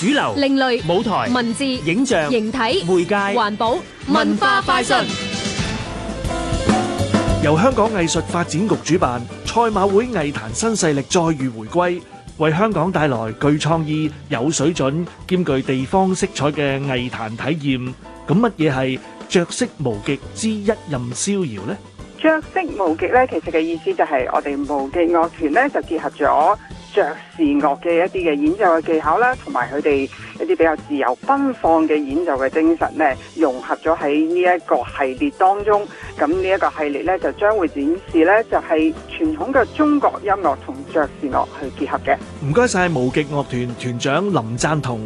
主流、另類舞台、文字、影像、形體、媒介、環保、文化快訊，由香港藝術發展局主辦，賽馬會藝壇新勢力再遇回歸，為香港帶來具創意、有水準、兼具地方色彩嘅藝壇體驗。咁乜嘢係着色無極之一任逍遙呢？着色無極咧，其實嘅意思就係我哋無極樂團咧，就結合咗。爵士樂嘅一啲嘅演奏嘅技巧啦，同埋佢哋一啲比較自由奔放嘅演奏嘅精神咧，融合咗喺呢一個系列當中。咁呢一個系列咧，就將會展示咧，就係傳統嘅中國音樂同爵士樂去結合嘅。唔該晒。無極樂團團長林贊同，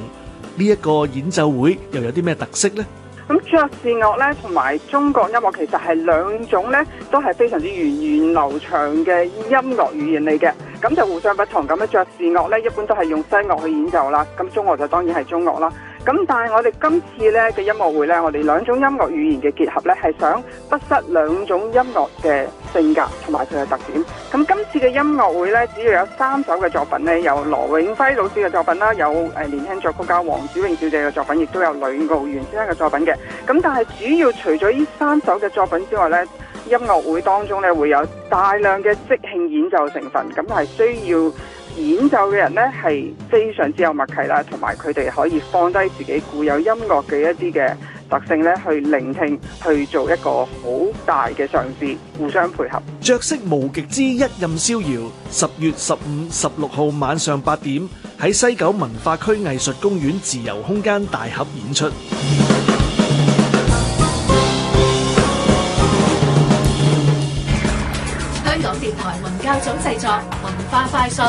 呢一個演奏會又有啲咩特色呢？咁爵士樂咧同埋中國音樂其實係兩種咧，都係非常之源遠流長嘅音樂語言嚟嘅。咁就互相不同，咁樣爵士樂咧，一般都係用西樂去演奏啦，咁中樂就當然係中樂啦。咁但係我哋今次咧嘅音樂會咧，我哋兩種音樂語言嘅結合咧，係想不失兩種音樂嘅性格同埋佢嘅特點。咁今次嘅音樂會咧，主要有三首嘅作品咧，有羅永輝老師嘅作品啦，有誒年輕作曲家黃子穎小姐嘅作品，亦都有呂傲元先生嘅作品嘅。咁但係主要除咗呢三首嘅作品之外咧。音樂會當中咧，會有大量嘅即興演奏成分，咁係需要演奏嘅人呢係非常之有默契啦，同埋佢哋可以放低自己固有音樂嘅一啲嘅特性咧，去聆聽，去做一個好大嘅嘗試，互相配合。着色無極之一任逍遙，十月十五、十六號晚上八點喺西九文化區藝術公園自由空間大盒演出。電台文教組製作《文化快訊》。